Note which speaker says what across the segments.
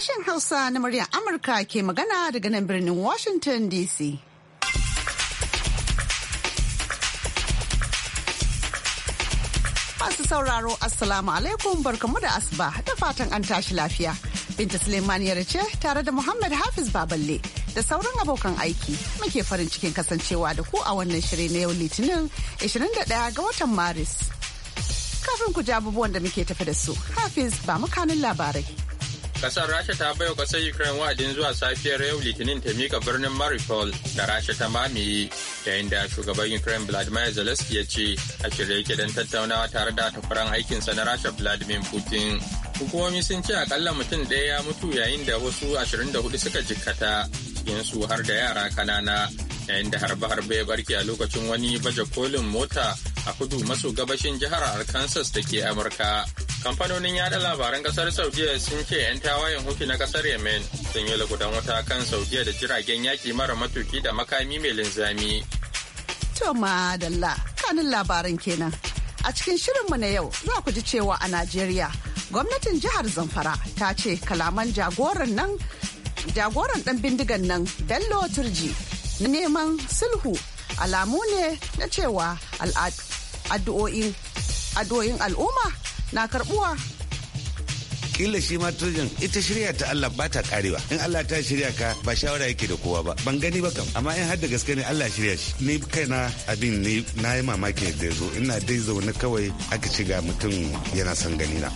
Speaker 1: Sashen Hausa na muryar Amurka ke magana daga nan birnin Washington DC. Masu sauraro Assalamu alaikum barkamu da asuba da fatan an tashi lafiya. Binta Suleiman ce tare da Muhammad Hafiz Baballe da sauran abokan aiki muke farin cikin kasancewa da ku a wannan shiri na yau Litinin 21 ga watan Maris. Kafin ku ji wanda muke tafi da su, Hafiz ba mu kanin labarai.
Speaker 2: Kasar Rasha ta baiwa kasar Ukraine wa'adin zuwa safiyar yau Litinin ta mika birnin Mariupol da Rasha ta mamaye yayin da shugaban Ukraine Vladimir Zelensky ya ce a shirye yake don tattaunawa tare da takwaran aikinsa na Rasha Vladimir Putin. Hukumomi sun ce akalla mutum ɗaya ya mutu yayin da wasu 24 suka jikkata cikinsu har da yara kanana yayin da harbe-harbe ya barke a lokacin wani baje kolin mota a kudu maso gabashin jihar Arkansas da ke Amurka. kamfanonin yada labaran kasar saudiya sun ce 'yan tawayen hutu na kasar yemen sun yi lagudan wata kan saudiya da jiragen yaki mara matuki da makami mai linzami
Speaker 1: to madalla kanin labaran kenan a cikin shirinmu na yau za ku ji cewa a najeriya gwamnatin jihar zamfara ta ce kalaman jagoran nan dan bindigan nan bello turji na neman sulhu alamu ne na cewa addu'o'in al'umma na karbuwa
Speaker 3: kila shi ma ita shirya ta Allah ba ta karewa in Allah ta shirya ka ba shawara yake da kowa ba ban gani ba kam amma in har da gaske ne Allah shirya shi ni kaina abin ne na yi mamaki da zo ina dai zaune kawai aka ci ga mutum yana son gani na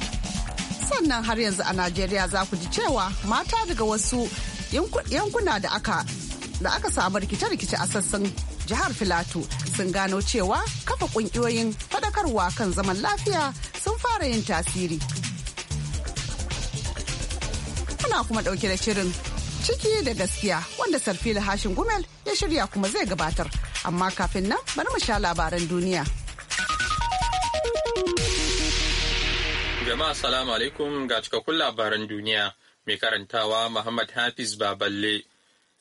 Speaker 1: sannan har yanzu a Najeriya za ku ji cewa mata daga wasu yankuna da aka da aka samu rikice-rikice a sassan jihar Filato sun gano cewa kafa kungiyoyin fadakarwa kan zaman lafiya sun fara yin tasiri. Muna kuma ɗauke da shirin ciki da gaskiya wanda sarfila hashin gumel ya shirya kuma zai gabatar amma kafin nan bari mu sha labaran duniya
Speaker 2: jama'a salamu alaikum ga cikakkun labaran duniya mai karantawa muhammad hafiz baballe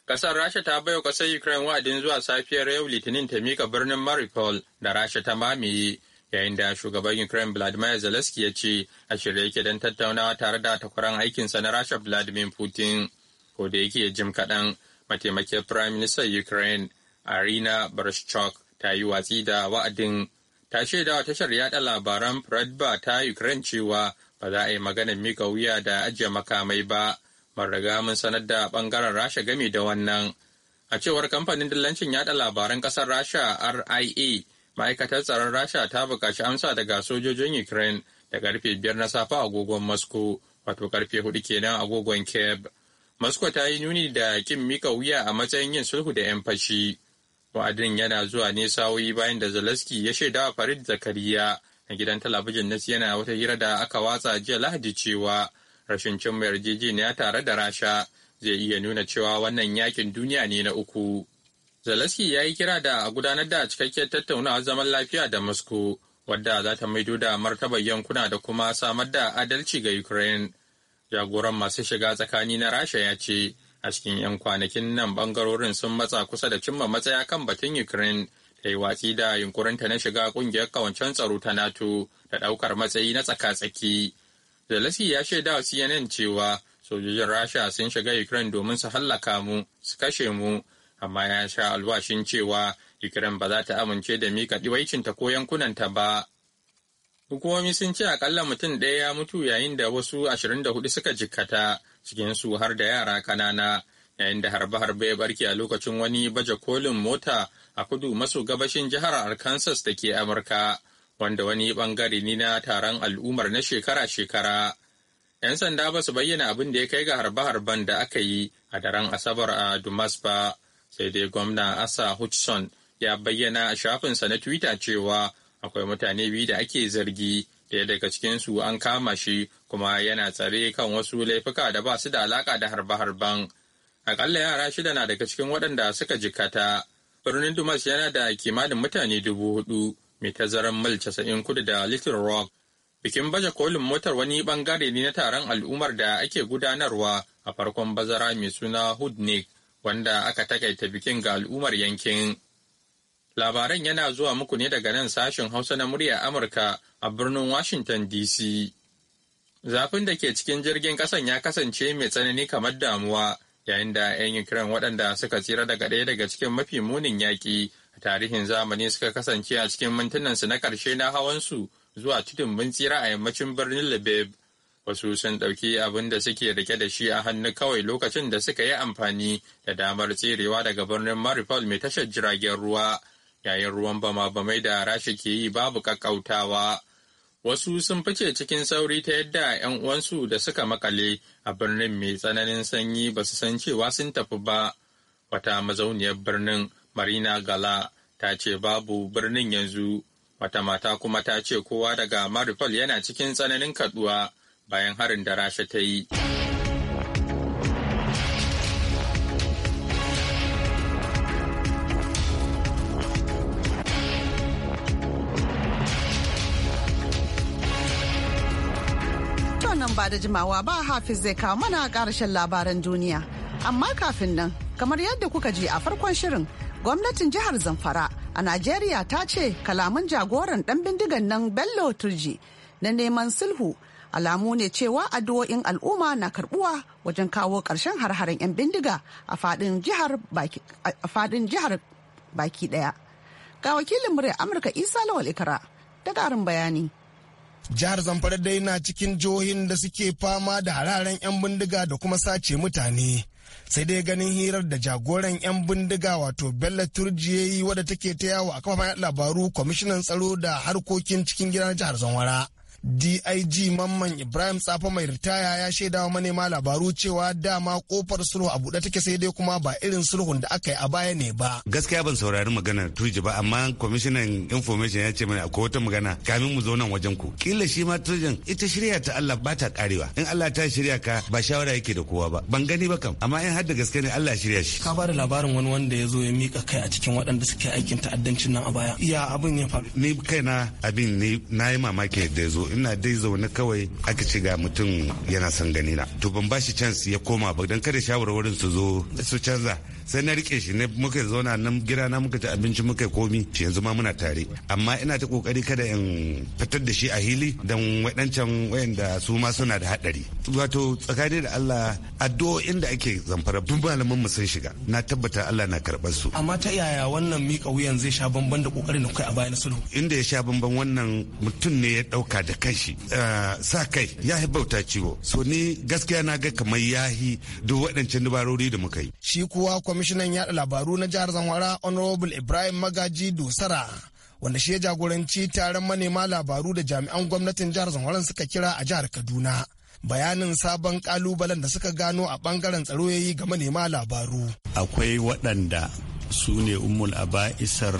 Speaker 2: kasar rasha ta baiwa kasar ukraine wa'adin zuwa safiyar yau litinin ta mika birnin maripol da rasha ta mamaye yayin da shugaban Ukraine Vladimir Zelensky ya ce a shirye yake don tattaunawa tare da takwaran aikinsa na Rasha Vladimir Putin. Ko da yake jim kaɗan mataimakin Prime Minister Ukraine Arina Barshchuk ta yi watsi da wa'adin ta shaidawa tashar yada labaran ba ta Ukraine cewa ba za a yi maganar mika wuya da ajiye makamai ba. ban riga mun sanar da bangaren Rasha game da wannan. A cewar kamfanin dillancin yada labaran ƙasar Rasha RIA ma'aikatar tsaron rasha ta bukaci amsa daga sojojin ukraine da karfe biyar na safe agogon moscow wato karfe hudu kenan agogon kiev moscow ta yi nuni da kin mika wuya a matsayin yin sulhu da 'yan fashi wa'adin yana zuwa ne sa'o'i bayan da zelensky ya shaida shaidawa farid zakariya na gidan talabijin na siyana wata hira da aka watsa jiya lahadi cewa rashin cimma yarjejeniya tare da rasha zai iya nuna cewa wannan yakin duniya ne na uku Zelensky ya yi kira da a gudanar da cikakkiyar tattaunawar zaman lafiya da Moscow wadda za ta maido da martabar yankuna da kuma samar da adalci ga Ukraine. Jagoran masu shiga tsakani na Rasha ya ce a cikin 'yan kwanakin nan bangarorin sun matsa kusa da cimma matsaya kan batun Ukraine ta yi watsi da yunkurinta na shiga kungiyar kawancen tsaro ta NATO da ɗaukar matsayi na tsaka-tsaki. Zelensky ya shaida wa CNN cewa sojojin Rasha sun shiga Ukraine domin su hallaka mu, su kashe mu, amma ya sha alwashin cewa Ukraine ba za ta amince da mika ɗiwaicinta ko yankunanta ba. Hukumomi sun ce akalla mutum ɗaya ya mutu yayin da wasu 24 suka jikkata cikinsu har da yara kanana yayin da harbe-harbe ya barke a lokacin wani baje kolin mota a kudu maso gabashin jihar Arkansas da ke Amurka, wanda wani bangare ne na taron al'ummar na shekara-shekara. 'Yan sanda ba su bayyana abin da ya kai ga harbe-harben da aka yi a daren Asabar a Dumas ba. sai dai gwamna asa hutchinson ya bayyana a shafinsa na twitter cewa akwai mutane biyu da ake zargi daya daga cikinsu an kama shi kuma yana tsare kan wasu laifuka da ba su da alaka da harbe-harben akalla yara shida na daga cikin waɗanda suka jikata birnin dumas yana da kimanin mutane dubu hudu mai tazaran mil casa'in kudu da little rock bikin baje kolin motar wani bangare ne na taron al'ummar da ake gudanarwa a farkon bazara mai suna hoodnick wanda aka takaita bikin ga al'ummar yankin. Labaran yana zuwa muku ne daga nan sashen Hausa na murya Amurka a birnin Washington DC. Zafin da ke cikin jirgin ƙasan ya kasance mai tsanani kamar damuwa yayin da 'yan Ukraine waɗanda suka tsira daga ɗaya daga cikin mafi munin yaƙi a tarihin zamani suka kasance a cikin mintunansu na ƙarshe na hawan su zuwa tudun mun tsira a yammacin birnin Lviv wasu sun ɗauki abin da suke rike da shi a hannu kawai lokacin da suka yi amfani da damar tserewa daga birnin maripol mai tashar jiragen ruwa yayin ruwan bama-bamai da rashi ke yi babu kakkautawa wasu sun fice cikin sauri ta yadda 'yan uwansu da suka makale a birnin mai tsananin sanyi ba su san cewa sun tafi ba wata mazauniyar birnin marina gala ta ce babu birnin yanzu wata mata kuma ta ce kowa daga maripol yana cikin tsananin kaduwa bayan harin da rasha ta yi
Speaker 1: nan ba da jimawa ba hafiz zai kawo mana karshen labaran duniya amma kafin nan kamar yadda kuka ji a farkon shirin gwamnatin jihar zamfara a najeriya ta ce kalaman jagoran dan bindigan nan bello turji na neman sulhu alamu ne cewa addu'o'in al'umma na karbuwa wajen kawo ƙarshen har-haren 'yan bindiga a faɗin jihar baki ɗaya.
Speaker 4: Ga wakilin murya Amurka Isa Lawal Ikara da ƙarin bayani. jihar zamfara dai na cikin jihohin da suke fama da hararen 'yan bindiga da kuma sace mutane sai dai ganin hirar da jagoran 'yan bindiga wato bello ya yi wadda take ta yawo a kafafen labaru kwamishinan tsaro da harkokin cikin gidan jihar zamfara dig mamman ibrahim tsafa mai ritaya ya shaida wa manema labaru cewa dama kofar sulhu a buɗe take sai dai kuma ba irin sulhun da aka yi a baya ne ba
Speaker 3: gaskiya ban saurari maganar turji ba amma kwamishinan information ya ce mana akwai wata magana kamin mu zo nan wajen ku kila shi ma turjin ita shirya ta Allah ba ta karewa in Allah ta shirya ka ba shawara yake da kowa ba ban gani ba kam amma in har da gaske ne Allah shirya shi
Speaker 4: ka ba da labarin wani wanda ya zo ya mika kai a cikin waɗanda suke aikin ta'addancin nan a baya
Speaker 3: iya abin ya faru ni kaina abin ni na yi mamaki da ya zo ina dai zaune kawai aka ce ga mutum yana son gani na to ban bashi chance ya koma ba dan kada shawarwarin su zo su canza sai na rike shi ne muka zauna nan gida na muka ci abinci muka komi shi yanzu ma muna tare amma ina ta kokari kada in fitar da shi a hili don waɗancan wayanda su ma suna da hadari. wato tsakani da Allah addu'o'in da ake zamfara duk malaman mu sun shiga na tabbata Allah na karɓar su
Speaker 4: amma ta yaya wannan mika wuyan zai sha bamban da kokarin da kai a bayan sulhu
Speaker 3: inda ya sha bamban wannan mutum ne ya ɗauka da kanshi eh, sa kai ya bauta ciwo so ni gaskiya na ga kamar yahi duk waɗancan dabarori da muka yi
Speaker 4: shi kuwa kwamishin kwamishinan yada labaru na jihar zamfara honorable ibrahim magaji dosara wanda shi ya jagoranci taron manema labaru da jami'an gwamnatin jihar zamfara suka kira a jihar kaduna bayanin sabon kalubalen da suka gano a bangaren tsaro yayi ga manema labaru
Speaker 5: akwai waɗanda su ne umul aba'isar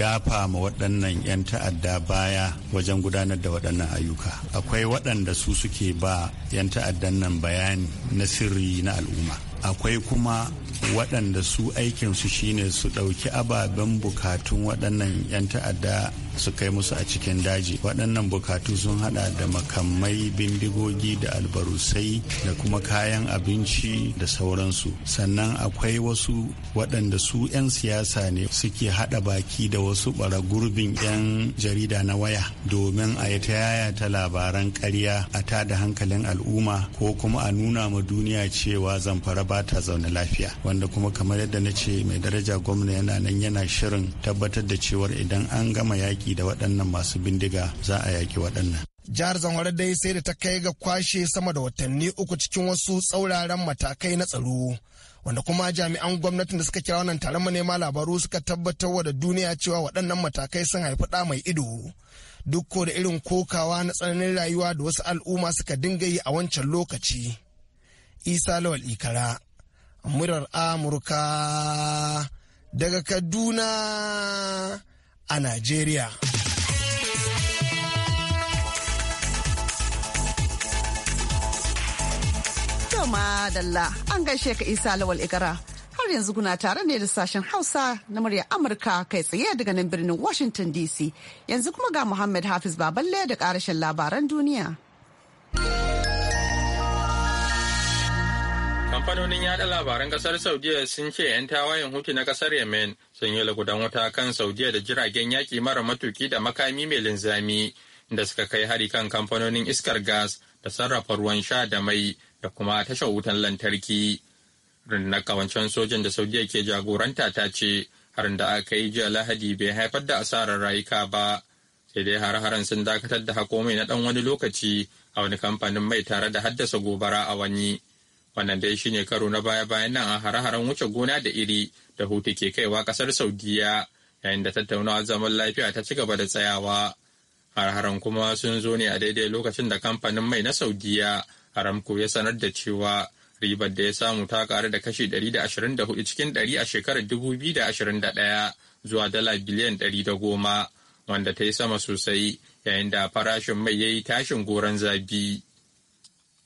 Speaker 5: dafa ma waɗannan 'yan ta'adda baya wajen gudanar da waɗannan ayyuka akwai waɗanda su suke ba 'yan ta'addan nan bayani na sirri na al'umma akwai kuma waɗanda su aikinsu shine su ɗauki ababen bukatun waɗannan 'yan ta'adda su kai musu a cikin daji waɗannan bukatu sun hada da makamai bindigogi da albarusai da kuma kayan abinci da sauransu sannan akwai wasu waɗanda su 'yan siyasa ne suke hada baki da wasu bara gurbin 'yan jarida na waya domin a yi ta yaya ta labaran ƙarya a ta da hankalin al'umma ko kuma a nuna ma duniya cewa zamfara ba ta zaune lafiya wanda kuma kamar yadda na ce mai daraja gwamna yana nan yana shirin tabbatar da cewar idan an gama yaki yaki da waɗannan masu bindiga za a yaki waɗannan. Jihar Zamfara
Speaker 4: dai sai da ta kai ga kwashe sama da watanni uku cikin wasu tsauraran matakai na tsaro. Wanda kuma jami'an gwamnatin da suka kira wannan taron manema labaru suka tabbatar wa da duniya cewa waɗannan matakai sun haifi ɗa mai ido. Duk ko da irin kokawa na tsananin rayuwa da wasu al'umma suka dinga yi a wancan lokaci. Isa Lawal Ikara, murar Amurka daga Kaduna. a Najeriya. Yoma Dalla an gaishe
Speaker 1: ka Isa Lawal Ikara. Har yanzu kuna tare ne da sashen Hausa na muryar Amurka kai tsaye daga nan birnin Washington DC. Yanzu kuma ga Muhammad Hafiz Baballe da karashin labaran duniya.
Speaker 2: Kamfanonin yada labaran kasar Saudiya sun ce 'yan tawayen hutu na kasar Yemen sun yi lagudan wuta kan Saudiya da jiragen yaƙi mara matuki da makami mai linzami da suka kai hari kan kamfanonin iskar gas da sarrafa ruwan sha da mai da kuma tashar wutan lantarki. Rundunar kawancen sojan da Saudiya ke jagoranta ta ce harin da aka yi jiya Lahadi bai haifar da asarar rayuka ba. Sai dai har-haren sun dakatar da hako na ɗan wani lokaci a wani kamfanin mai tare da haddasa gobara a wani. wannan dai shine karo na baya-bayan nan a hare-haren wuce gona da iri da hutu ke kaiwa kasar saudiya yayin da tattaunawa zaman lafiya ta ci gaba da tsayawa har-haren kuma sun zo ne a daidai lokacin da kamfanin mai na saudiya aramco ya sanar da cewa ribar da ya samu ta karu da kashi 124 cikin 100 a shekarar 2021 zuwa dala biliyan 110 wanda ta yi sama sosai yayin da farashin mai ya yi tashin goron zabi.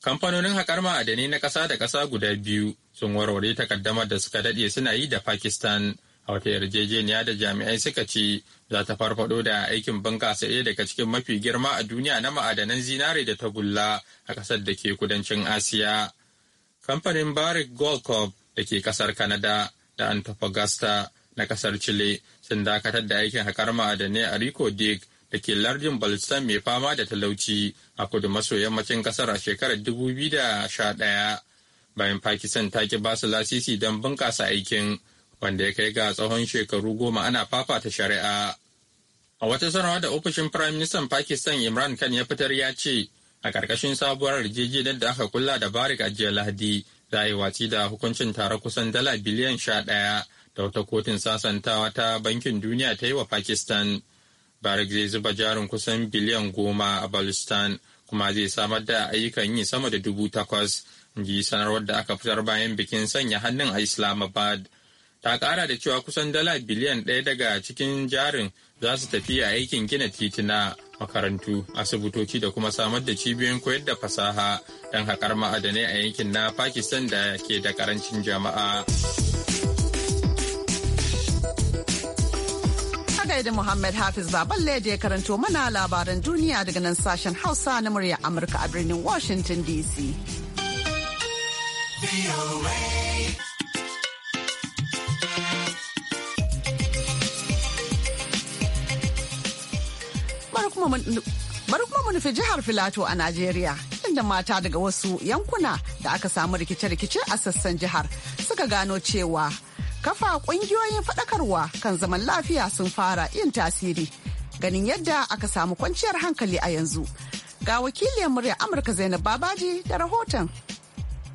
Speaker 2: Kamfanonin haƙar ma'adanai na ƙasa da ƙasa guda biyu sun warware takaddamar da suka daɗe suna yi da Pakistan a wata yarjejeniya da jami'ai suka ce za ta farfado da aikin bunƙasa ɗaya daga cikin mafi girma a duniya na ma'adanan zinare da tagulla a ƙasar da ke kudancin Asiya. Kamfanin Barrick Gold Corp da ke ƙasar Canada da Antofagasta na ƙasar Chile sun dakatar da aikin haƙar ma'adanai a Rico Dick da ke lardin balistan mai fama da talauci a kudu maso yammacin kasar a shekarar 2011 bayan Pakistan ta ki basu lasisi don bunƙasa aikin wanda ya kai ga tsawon shekaru goma ana fafata shari'a. A wata sanarwa da ofishin prime minister Pakistan Imran Khan ya fitar ya ce a ƙarƙashin sabuwar yarjejeniyar da aka kula da Barik a jiya Lahadi za a yi watsi da hukuncin tare kusan dala biliyan sha ɗaya da wata kotun sasantawa ta Bankin Duniya ta yi wa Pakistan. Barak zai zuba jarin kusan biliyan goma a Balistan kuma zai samar da ayyukan yi sama da dubu takwas, ji sanarwar da aka fitar bayan bikin sanya hannun a Islamabad. Ta kara da cewa kusan dala biliyan ɗaya daga cikin jarin za su tafi a aikin gina titina, makarantu, asibitoci da kuma samar da cibiyoyin koyar da fasaha don haƙar ma'adanai a yankin na Pakistan da ke da ƙarancin jama'a.
Speaker 1: da Muhammad Hafiz Baballe da ya karanto mana labaran duniya daga nan sashen Hausa na murya Amurka a birnin Washington DC. Bari kuma mu nufi jihar Filato a Najeriya, inda mata daga wasu yankuna da aka samu rikice-rikice a sassan jihar suka gano cewa kafa ƙungiyoyin faɗakarwa kan zaman lafiya sun fara yin tasiri ganin yadda aka samu kwanciyar hankali a yanzu. Ga wakiliyar
Speaker 6: murya Amurka Zainab Babaji da rahoton.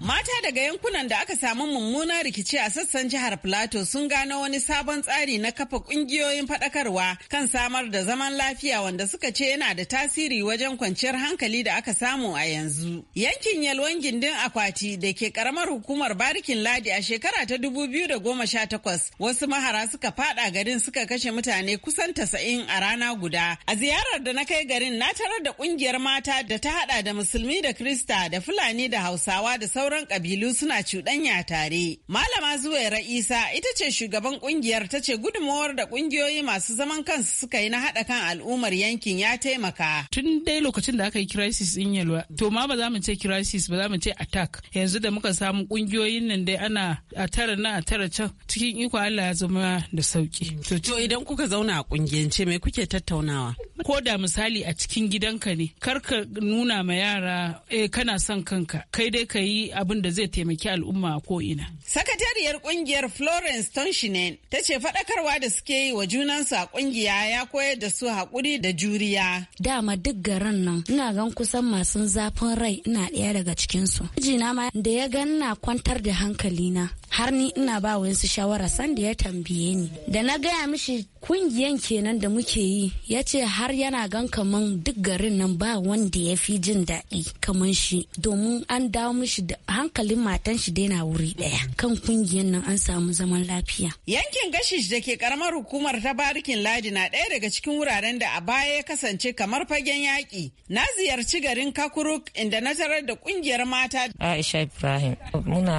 Speaker 6: Mata daga yankunan da aka samu mummunan rikici a sassan jihar Plateau sun gano wani sabon tsari na kafa kungiyoyin fadakarwa kan samar da zaman lafiya wanda suka ce yana da tasiri wajen kwanciyar hankali da aka samu a yanzu. Yankin Yalwan Gindin Akwati da ke karamar hukumar Barikin Ladi a shekara ta 2018 wasu mahara suka fada garin suka kashe mutane kusan 90 a rana guda. A ziyarar da na kai garin na tarar da kungiyar mata da ta hada da musulmi da krista da fulani da hausawa da sauran sauran kabilu suna cuɗanya tare. Malama Zuwaira Isa ita ce shugaban kungiyar ta ce gudunmawar da kungiyoyi masu zaman kansu suka yi na haɗa kan al'ummar yankin ya taimaka. Tun dai lokacin da aka yi crisis in yalwa, to ma ba za mu ce crisis ba za mu ce attack. Yanzu da muka samu kungiyoyin nan dai ana a tara na a tara can cikin iko Allah ya zama da sauki. To idan kuka zauna a kungiyance me kuke tattaunawa? Ko da misali a cikin gidanka ne, kar ka nuna ma yara eh kana son kanka, kai dai ka yi abin da zai taimaki al'umma ko ina. Sakatariyar kungiyar Florence Tonshinen ta ce faɗakarwa da suke yi wa junansu a kungiya ya koyar da su haƙuri da juriya. Dama duk garin nan ina gan kusan masu zafin rai ina ɗaya daga cikinsu. Mijina ma da ya gan na kwantar da hankalina har ni ina ba wayansu shawara sanda ya tambaye ni da na gaya mishi kungiyan kenan da muke yi ya ce har yana gan kaman duk garin nan ba wanda ya fi jin daɗi kaman shi domin an dawo mishi da hankalin matan shi daina wuri ɗaya kan kungiyan nan an samu zaman lafiya yankin gashish da ke karamar hukumar ta barikin ladi na ɗaya daga cikin wuraren da a baya ya kasance kamar fagen yaƙi na ziyarci garin kakuruk inda na tarar da kungiyar mata aisha ibrahim muna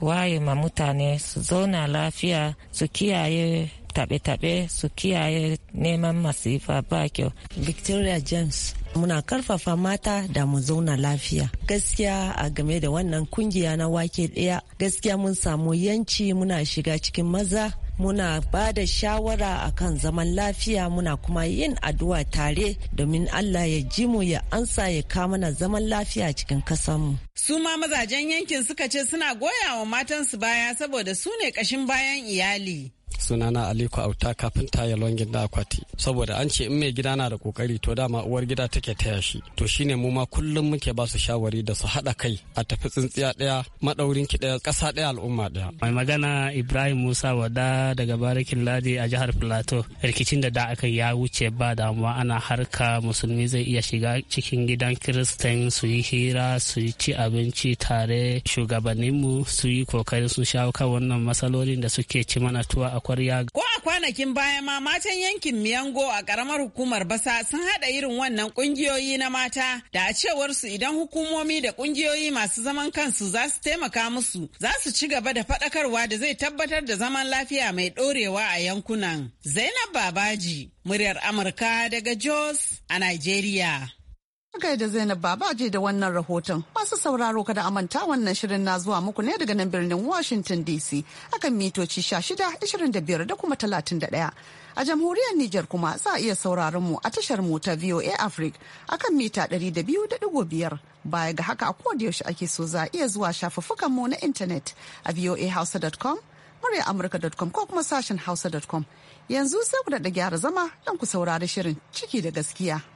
Speaker 6: waye ma mutane su zauna lafiya su kiyaye taɓe-taɓe su kiyaye neman masifa ba kyau. Victoria James muna karfafa mata da mu zauna lafiya gaskiya a game da wannan kungiya na wake ɗaya gaskiya mun samu yanci muna shiga cikin maza muna ba da shawara akan zaman lafiya muna kuma yin addu'a tare domin Allah ya ji mu ya ansa ya ka mana zaman lafiya cikin kasanmu. Su ma mazajen yankin suka ce suna goya wa matansu baya saboda su ne ƙashin bayan iyali.
Speaker 7: sunana aliko auta kafin taya longin da akwati saboda an ce in mai gida na da kokari to dama uwar gida take taya shi to shine mu ma kullum muke ba su shawari da su haɗa kai a tafi tsintsiya daya madaurin ki daya ƙasa daya al'umma daya. mai magana ibrahim musa wada daga barikin ladi a jihar plateau rikicin da da aka ya wuce ba damuwa ana harka musulmi zai iya shiga cikin gidan kiristan su yi hira su yi ci abinci tare shugabanninmu su yi kokarin
Speaker 6: su shawo kan wannan matsalolin da suke ci mana tuwa a kwarya. Ko a kwanakin baya ma matan yankin Miyango a karamar hukumar Basa sun haɗa irin wannan ƙungiyoyi na mata da a cewar su idan hukumomi da ƙungiyoyi masu zaman kansu za su taimaka musu za su ci gaba da faɗakarwa da zai tabbatar da zaman lafiya mai ɗorewa a yankunan. Zainab Babaji, muryar Amurka daga Jos a Najeriya. da Zainab
Speaker 1: baba je da wannan rahoton. Masu sauraro kada amanta wannan shirin na zuwa muku ne daga nan birnin Washington DC akan mitoci 16, 25 da kuma 31. a jamhuriyar Nijar kuma za a iya sauraron mu a tashar mu ta VOA Africa akan mita 200.5 baya ga haka a yaushe ake so za a iya zuwa shafuffukan mu na intanet a voahausa.com amurka.com ko kuma sashen hausa.com yanzu sai ku da gyara zama don ku saurari shirin ciki da gaskiya.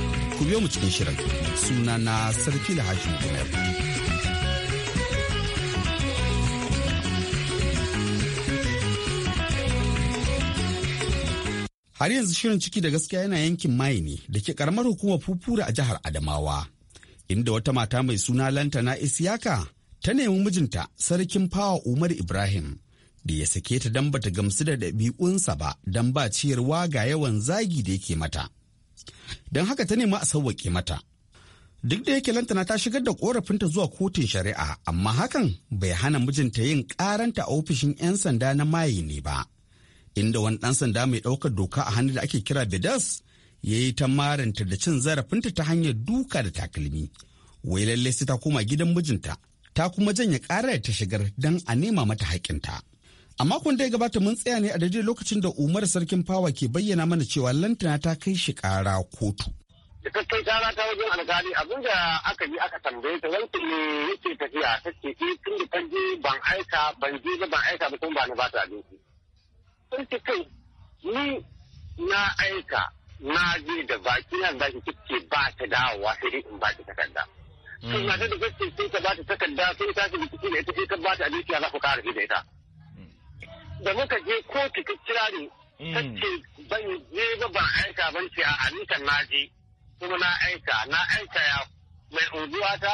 Speaker 8: ku biyo mu cikin shirin suna na da lahashin gumel. Har yanzu shirin ciki da gaskiya yana yankin maye ne da ke karamar hukumar fufura a jihar Adamawa. Inda wata mata mai suna Lantana Isiyaka ta nemi mijinta sarkin fawa Umar Ibrahim da ya sake ta don bata gamsu da ɗabi'unsa ba don ba ciyarwa ga yawan zagi da yake mata. don haka ta nema a sauwaƙe mata. Duk da yake lantana ta shigar da korafinta zuwa kotun shari'a amma hakan bai hana mijinta yin karanta a ofishin 'yan sanda na maye ne ba. Inda wani ɗan sanda mai ɗaukar doka a hannu da ake kira bedas ya yi ta maranta da cin zarafinta ta hanyar duka da takalmi. Wai lallai sai ta koma gidan mijinta ta kuma janye ƙarar ta shigar don a nema mata haƙƙinta. A makon da ya gabata mun tsaya ne a daidai lokacin da Umar Sarkin Fawa ke bayyana mana cewa lantana ta kai shi kara kotu.
Speaker 9: Da ta ta wajen alkali abin da aka yi aka tambaye ta wanke ne yake tafiya ta ce eh, tun da kan je ban aika ban je ba ban aika ba kuma ba ni ba ta abinci. Sun ce kai ni na aika na je da baki na da kike ba ta dawowa sai dai in ba ta takarda. Hmm. Sun na ta da gaske sai ta ba ta takarda sai ta shi da ita sai ta ba ta abinci a za ku kara da ita. da muka je kotu ta kira ni mm. tace ban je ba ban aika ban ce a anikan na je kuma na aika na aika ya mai unguwa ta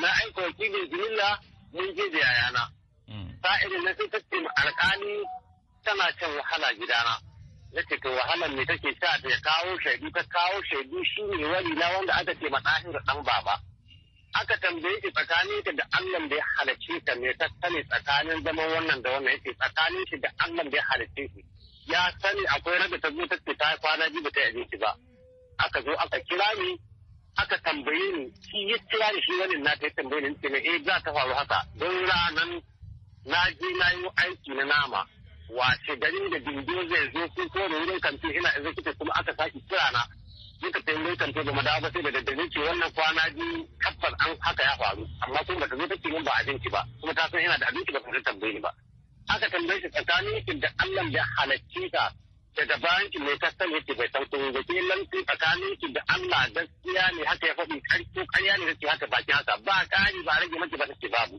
Speaker 9: na aika wakilin jimilla mun je da yayana mm. sa'ilin na sai tace alƙali tana can wahala gidana na ce to wahalar me take sa ta kawo shaidu ta kawo shaidu shine wani na wanda aka ce ma ɗahin da ɗan baba. aka tambaye ki tsakanin ki da Allah da ya halicce ka me ta sani tsakanin zaman wannan da wannan yake tsakanin ki da Allah da ya halicce ya sani akwai raga ta ta ta kwana biyu ta yi ki ba aka zo aka kira ni aka tambaye ni shi ya kira ni shi wani na ta tambaye ni ce eh za ta faru haka don ranan na je na yi aiki na nama wace garin da dindo zai zo ko ne wurin kanti ina zai kuma aka saki kira na suka ta yi kan ba mu ba sai da daddare ce wannan kwana biyu tabbas an haka ya faru amma kuma da zai zo ta mun ba abinci ba kuma ta san yana da abinci ba ta tambaye ni ba. Aka tambaye shi tsakanin da Allah ya halacce ka daga bayan ki mai kasan yake bai san kun ga ke nan ki tsakanin ki da Allah gaskiya ne haka ya faɗi karko ƙarya ne yake haka baki haka ba kari ba rage maki ba take babu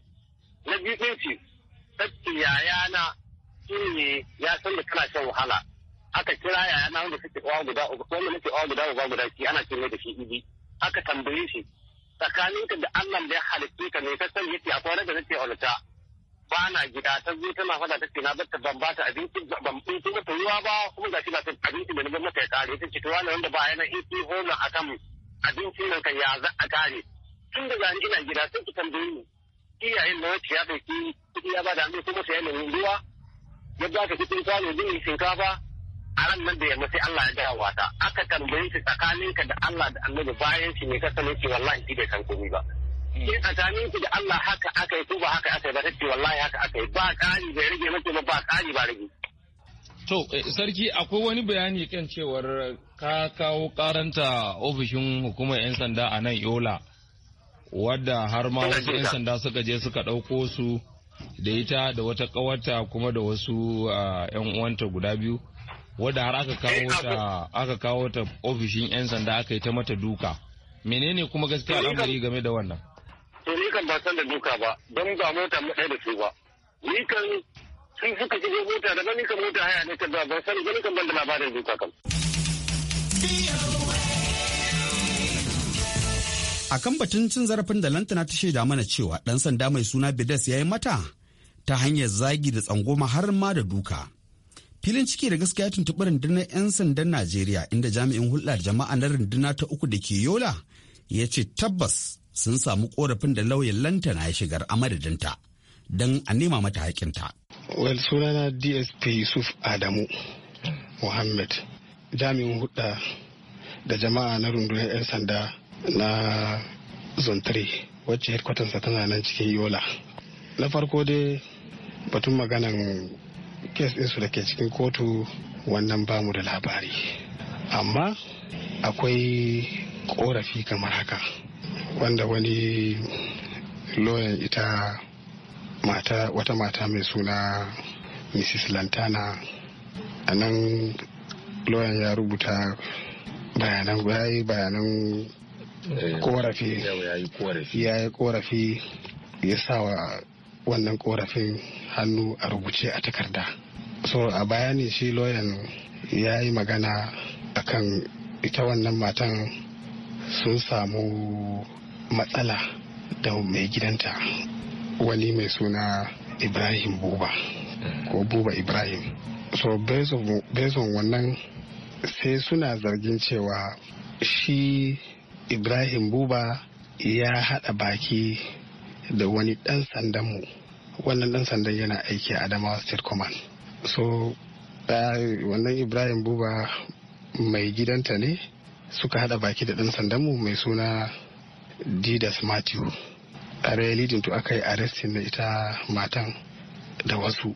Speaker 9: na biyu ce yaya na shine ya san da kana shan wahala aka kira yaya na wanda suke uwa guda uku wanda muke uwa guda uba guda shi ana cewa da shi ibi aka tambaye shi tsakanin ka da Allah da ya halitta ka ne ka san yace akwai wanda nake aulata ba na gida ta zo tana faɗa ta ce na bar ban ba ta abinci ban ɗauki ta yiwa ba kuma gashi ba ta abinci da na mata ya kare ta ce to wani wanda ba yana in iki hona akan abinci nan kan ya za a kare tun da gani ina gida sai ki tambaye ni iyayen na wacce ya bai ki kuɗi ya ba da ni kuma sai ne ruwa yadda aka fi tun kwano din shinkafa a ran nan da yamma sai Allah ya gaya wata aka tambaye shi tsakaninka da Allah da annabi bayan shi ne ka sani ki wallahi shi bai san komai ba hmm. in tsakanin ki da Allah haka aka yi ko ba haka aka yi ba tace wallahi haka aka yi ba kari bai rage mace ba ba kari ba rage
Speaker 2: to eh, sarki akwai wani bayani kan cewar ka kawo karanta ofishin hukumar yan sanda a nan Yola wadda har ma wasu yan sanda suka je suka ɗauko su da ita da wata kawarta kuma da wasu yan ah, uwanta guda biyu wadda har aka kawo eh, ta aka kawo ta ofishin yan sanda aka yi ta mata duka menene kuma gaskiya al'amari game da wannan
Speaker 9: to ni kan ba san da duka ba don ba mota mu da su ba ni kan sun suka shige mota da ni kan mota haya ne kan ba ban sani ni kan ban da labarin duka kan
Speaker 8: a kan batun cin zarafin da lantana ta shaida mana cewa ɗan sanda mai suna bidas ya yi mata ta hanyar zagi da tsangoma har ma da duka filin ciki da gaskiya tuntuɓi rundunar 'yan sandan najeriya inda jami'in hulɗar jama'a na runduna ta uku da ke yola ya ce tabbas sun samu korafin da lauyan lantana ya shigar a
Speaker 7: madadinta don a nema mata haƙinta. well sunana dsp yusuf adamu muhammad jami'in hulɗa da jama'a na rundunar 'yan sanda na zontare wacce headquarters tana nan cikin yola na farko dai batun maganan kes ɗinsu da ke cikin kotu wannan bamu da labari amma akwai korafi kamar haka wanda wani loyan ita mata wata mata mai suna mrs lantana a nan loyan ya rubuta bayanan yayi bayanan korafi ya yi korafi eh, ya sa wa wannan korafin hannu a rubuce a takarda so a bayani shi loyan ya yi magana akan ita wannan matan sun samu matsala da mai gidanta wani mai suna ibrahim buba ko buba ibrahim so bezon wannan sai suna zargin cewa shi ibrahim buba ya haɗa baki da wani ɗan sandanmu wannan ɗan sandan yana aiki a adamawa state command so wannan ibrahim buba mai gidanta ne suka hada baki da ɗan mu mai suna didas matthew a realidin to aka yi arrestin da ita matan da wasu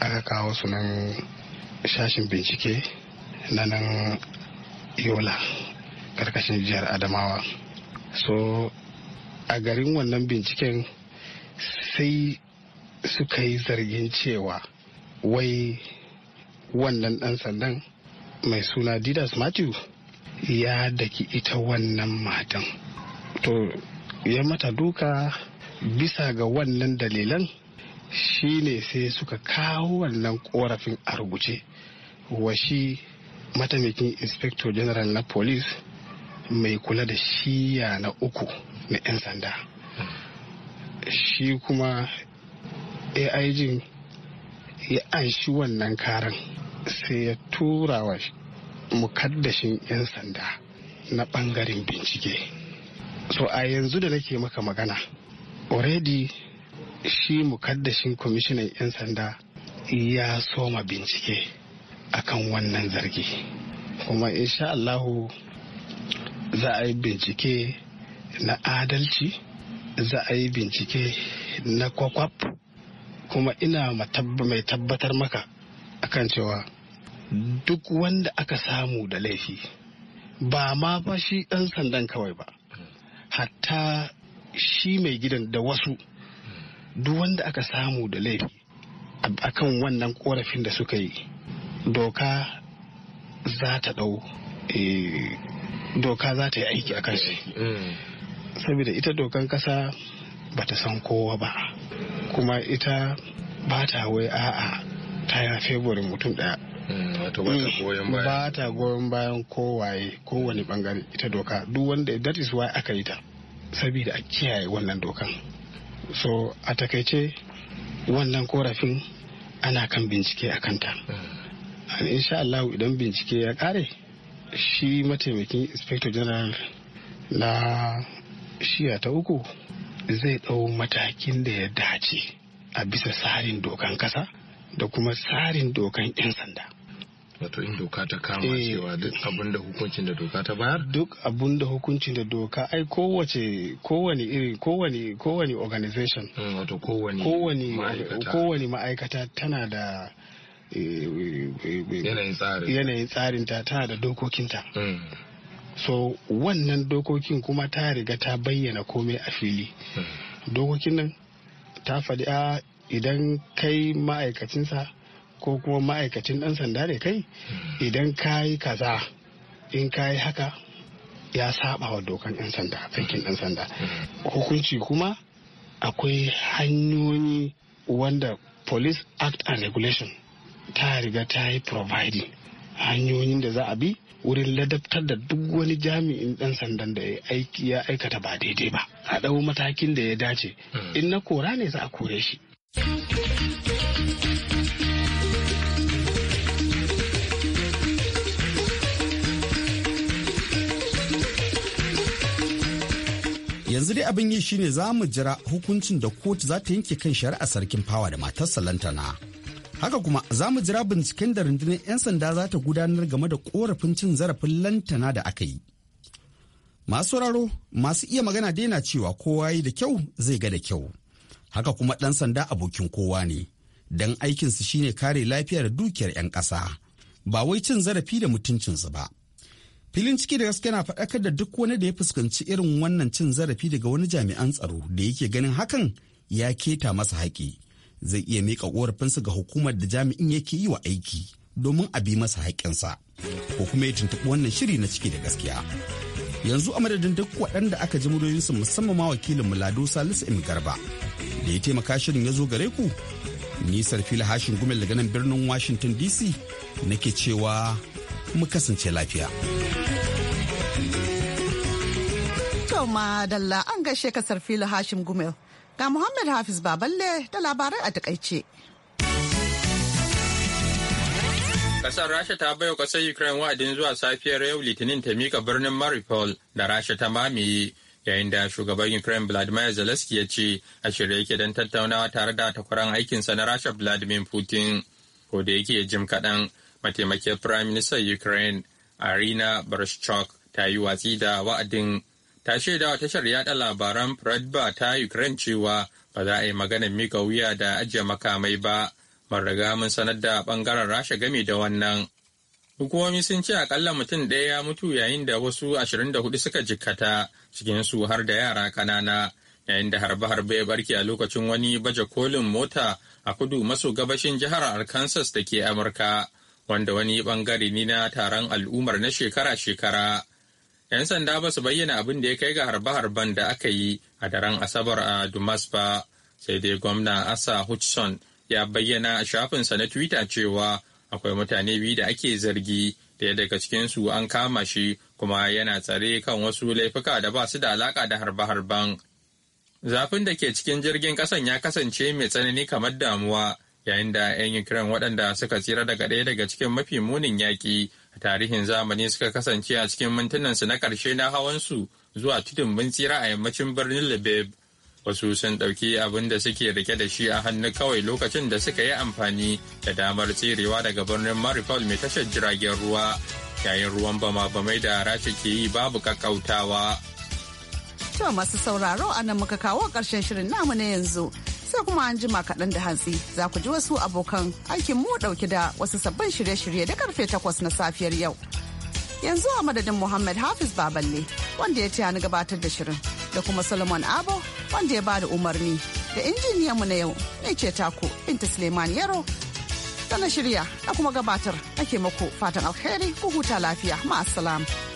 Speaker 7: aka kawo su nan shashin bincike na nan yola karkashin jihar adamawa so a garin wannan binciken sai suka yi zargin cewa wai wannan ɗan sandan mai suna didas matthew ya daki ita wannan matan to ya mata duka bisa ga wannan dalilan shi ne sai suka kawo wannan korafin a rubuce wa shi mataimakin inspector general na police mai kula da shiya na uku na 'yan sanda shi kuma aig ya anshi wannan karan sai ya tura wa mukaddashin 'yan sanda na bangaren bincike so a yanzu da nake maka magana already shi mukaddashin kwamishinan 'yan sanda ya soma bincike akan wannan zargi kuma insha Allahu za a yi bincike na adalci za a yi bincike na kwakwaf kuma ina mai tabbatar maka akan cewa duk wanda aka samu da laifi ba ma ba shi ɗan sandan kawai ba hatta shi mai gidan da wasu duk wanda aka samu da laifi akan wannan korafin da suka yi doka za ta ɗau eh, doka za ta yi aiki a kan shi mm. saboda ita dokan ƙasa ba ta san kowa ba kuma ita ba ta wai a'a ta yi favorin mutum daya mm, mm, ba ta goyon bayan kowaye kowane bangare ita doka duk wanda that is why aka yi ta saboda a kiyaye wannan dokan so a takaice wannan korafin ana kan bincike a kanta mm. insha Allah idan bincike ya kare shi mataimakin inspector general na shiya ta uku zai ɗau matakin da ya dace a bisa tsarin dokan ƙasa da kuma tsarin dokan 'yan sanda. wato in doka ta kama eh. cewa duk abin da hukuncin da doka ta bayar duk abin da hukuncin da doka ai kowace kowane iri kowane kowane organization mm, wato kowane kowane ma'aikata tana da eh, eh, yanayin tsarin ta tana da dokokinta mm. so wannan dokokin kuma ta riga ta bayyana komai a fili dokokin nan ta faɗi a idan kai ma'aikacinsa ko kuma ma'aikacin ɗan sanda da kai idan kayi kaza in kayi haka ya saba wa dokan 'yan sanda aikin ɗan sanda hukunci kuma akwai hanyoyi wanda police act and regulation ta riga ta yi providing hanyoyin da za a bi wurin ladabtar da duk wani jami'in ɗan sandan da ya aiki ya aikata ba daidai ba a ɗau matakin da ya dace hmm. in na kora ne za a kore shi
Speaker 8: yanzu dai abin yi shine za mu jira hukuncin da kotu za ta yanke kan shari'a sarkin fawa da matarsa lantana haka kuma za mu jira binciken da rundunar 'yan sanda za ta gudanar game da korafin cin zarafin lantana da aka yi masu raro masu iya magana daina cewa kowa yi da kyau zai ga da kyau haka kuma ɗan sanda abokin kowa ne don aikinsu shine kare lafiyar dukiyar 'yan ƙasa ba wai cin zarafi da mutuncinsu ba filin ciki da gaske na faɗakar da duk wani da ya fuskanci irin wannan cin zarafi daga wani jami'an tsaro da yake ganin hakan ya keta masa haƙi zai iya mika korafinsa ga hukumar da jami'in yake yi wa aiki domin a bi masa haƙƙinsa ko kuma ya tuntuɓi wannan shiri na ciki da gaskiya yanzu a madadin duk waɗanda aka ji muryoyinsu musamman ma wakilin muladu salisu im garba da ya taimaka shirin ya zo gare ku ni sarfi hashin gumel daga nan birnin washington dc nake cewa mu kasance lafiya
Speaker 1: to dalla an gaishe ka sarfi hashim gumel Ga Muhammad Hafiz Baballe da labarai a takaice.
Speaker 2: Kasar Rasha ta baiwa kasar Ukraine wa'adin zuwa safiyar yau Litinin ta mika birnin Mariupol da Rasha ta mamaye yayin da shugaban Ukraine Vladimir Zelensky ya ce a shirye yake don tattaunawa tare da takwaran aikinsa na Rasha Vladimir Putin. Ko da yake jim kaɗan mataimakin Prime Minister Ukraine Arina Barashchuk ta yi watsi da wa'adin ta wa tashar yada labaran Pradba ta Ukraine cewa ba za a yi maganar mika wuya da ajiye makamai ba, mun riga mun sanar da bangaren Rasha game da wannan. Hukumomi sun ce akalla mutum ɗaya ya mutu yayin da wasu 24 suka jikkata cikinsu har da yara ƙanana yayin da harbe-harbe ya barke a lokacin wani baje kolin mota a kudu maso gabashin jihar Arkansas da ke Amurka, wanda wani bangare ne na taron al'ummar na shekara-shekara. 'yan sanda ba su bayyana abin da ya kai ga harbe-harben da aka yi a daren asabar a dumas ba sai dai gwamna asa hutchinson ya bayyana a shafinsa na twitter cewa akwai mutane biyu da ake zargi daya daga cikinsu an kama shi kuma yana tsare kan wasu laifuka da ba su da alaka da harbe-harben zafin da ke cikin jirgin kasan ya kasance mai tsanani kamar damuwa yayin da 'yan ukraine waɗanda suka tsira daga ɗaya daga cikin mafi munin yaƙi a tarihin zamani suka kasance a cikin mintunansu na ƙarshe na hawan su zuwa tudun mun tsira a yammacin birnin Lebeb. Wasu sun ɗauki abin da suke rike da shi a hannu kawai lokacin da suka yi amfani da damar tserewa daga birnin Maripol mai tashar jiragen ruwa yayin ruwan bama-bamai da rashi ke yi babu kakautawa.
Speaker 1: To masu sauraro a nan muka kawo ƙarshen shirin namu na yanzu. sai kuma an jima kaɗan da hantsi za ku ji wasu abokan aikin mu ɗauki da wasu sabbin shirye-shirye da karfe takwas na safiyar yau. Yanzu a madadin Muhammad Hafiz Baballe wanda ya ce ni gabatar da shirin da kuma Solomon Abo wanda ya bada umarni da injiniyan mu na yau ne ce taku Binta Suleiman Yaro da na shirya na kuma gabatar ake mako fatan alheri ku huta lafiya ma'asalam.